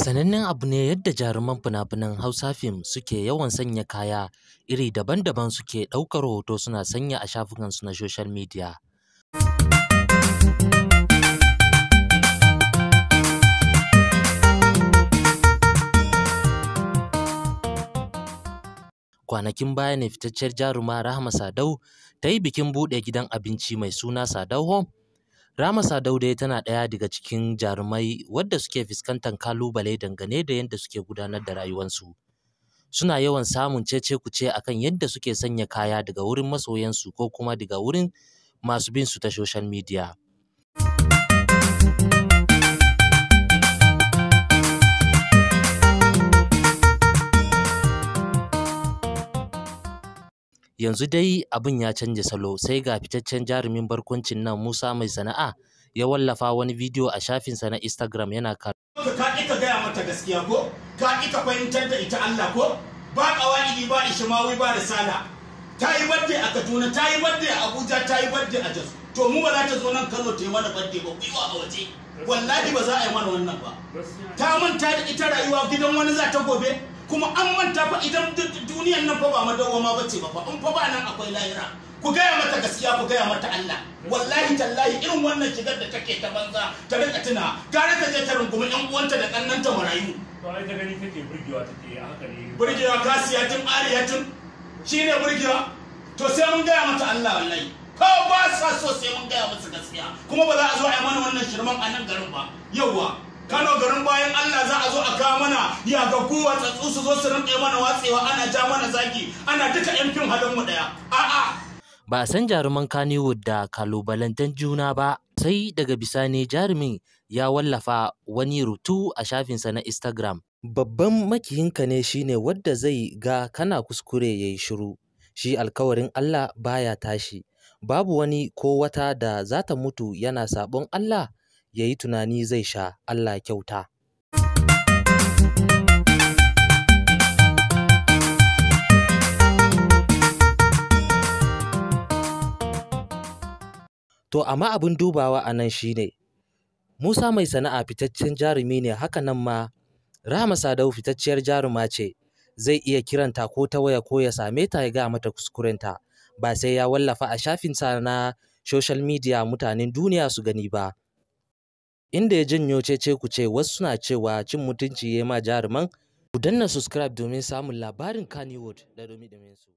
Sanannen abu ne yadda jaruman fina-finan Hausa fim suke yawan sanya kaya iri daban-daban suke ɗaukar hoto suna sanya a shafukansu na social media. Kwanakin baya ne fitacciyar jaruma Rahama Sadau ta yi bikin buɗe gidan abinci mai suna Sadau Home Rama Sadau tana ɗaya daga cikin jarumai wadda suke fuskantar kalubale dangane da yadda suke gudanar da rayuwarsu. Suna yawan samun cece-kuce akan yadda suke sanya kaya daga wurin masoyansu ko kuma daga wurin masu bin su ta social media. Yanzu dai abin ya canja salo sai ga fitaccen jarumin barkwancin nan Musa mai sana'a ya wallafa wani bidiyo a shafinsa na Instagram yana ka Ka ƙi ka gaya mata gaskiya ko? Ka ƙi ka fahimtar da ita Allah ko? Ba ƙawa'idi ba shimawi ba da sala. Ta yi badde a Kaduna, ta yi badde a Abuja, ta yi badde a Jos. To mu ba za ta zo nan Kano ta yi mana badde ba, ku yi wa a waje. Wallahi ba za a yi mana wannan ba. Ta manta da ita rayuwa gidan wani za ta gobe. kuma an manta fa idan duniyan nan fa ba madawwama bace ba fa in fa ba nan akwai lahira ku gaya mata gaskiya ku gaya mata Allah wallahi tallahi irin wannan shigar da take ta banza ta rika tuna gare ta je ta rungumi yan uwanta da kannanta marayu to ai ta gani take burgewa take a haka ne burgewa ariya tun shine burgewa to sai mun gaya mata Allah wallahi ko ba sa so sai mun gaya musu gaskiya kuma ba za a zo a yi mana wannan shirman a nan garin ba yauwa Kano garin bayan Allah za a zo a kawo mana ya ga kowa tsatsu su zo su rinƙe mana watsewa ana ja mana zaki ana duka yan fim halin mu daya a'a ba a san jaruman Kannywood da kalubalantan juna ba sai daga bisani jarumin ya wallafa wani rutu a shafinsa na Instagram babban makiyinka ne shine wadda zai ga kana kuskure yayi shiru shi alkawarin Allah baya tashi babu wani ko wata da zata mutu yana sabon Allah ya yi tunani zai sha, Allah kyauta. To, amma abin dubawa a nan shi ne, Musa mai sana'a fitaccen jarumi ne haka nan ma, Rahama Sadau fitacciyar jaruma ce, zai iya kiranta ko ta waya ko ya same ta ya ga mata kuskurenta, ba sai ya wallafa a shafinsa na social media mutanen duniya su gani ba. inda ya janyo cece ce wasu suna cewa cin mutunci ya ma jaruman. Ku danna subscribe domin samun labarin Kannywood da domin su.